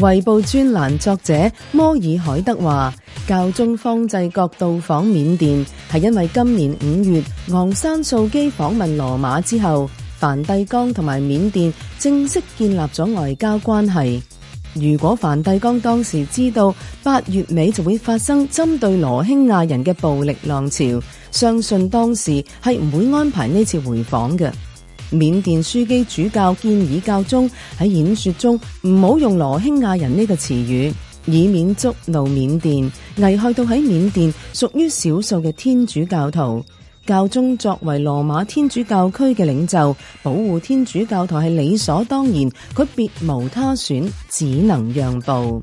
《衛報》專欄作者摩爾海德話：教宗方濟各到訪緬甸，係因為今年五月昂山素基訪問羅馬之後，梵蒂岡同埋緬甸正式建立咗外交關係。如果梵蒂岡當時知道八月尾就會發生針對羅興亞人嘅暴力浪潮，相信當時係唔會安排呢次回訪嘅。緬甸樞機主教建議教宗喺演說中唔好用羅興亞人呢個詞語，以免觸怒緬甸，危害到喺緬甸屬於少數嘅天主教徒。教宗作為羅馬天主教區嘅領袖，保護天主教徒係理所當然，佢別無他選，只能讓步。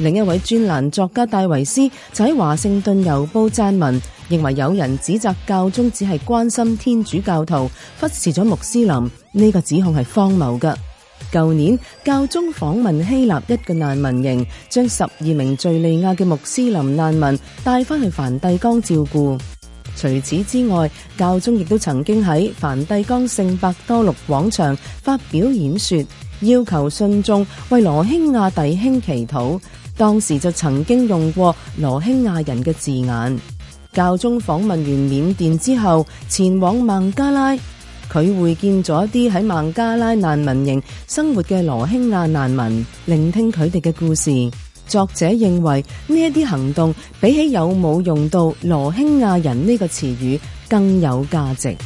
另一位專欄作家戴維斯就喺華盛頓郵報撰文，認為有人指責教宗只係關心天主教徒，忽視咗穆斯林，呢個指控係荒謬噶。舊年教宗訪問希臘一個難民營，將十二名敘利亞嘅穆斯林難民帶翻去梵蒂岡照顧。除此之外，教宗亦都曾經喺梵蒂岡聖伯多祿廣場發表演說，要求信眾為羅興亞弟兄祈禱。當時就曾經用過羅興亞人嘅字眼。教宗訪問完緬甸之後，前往孟加拉，佢會見咗一啲喺孟加拉難民營生活嘅羅興亞難民，聆聽佢哋嘅故事。作者認為呢啲行動比起有冇用到羅興亞人呢個詞語更有價值。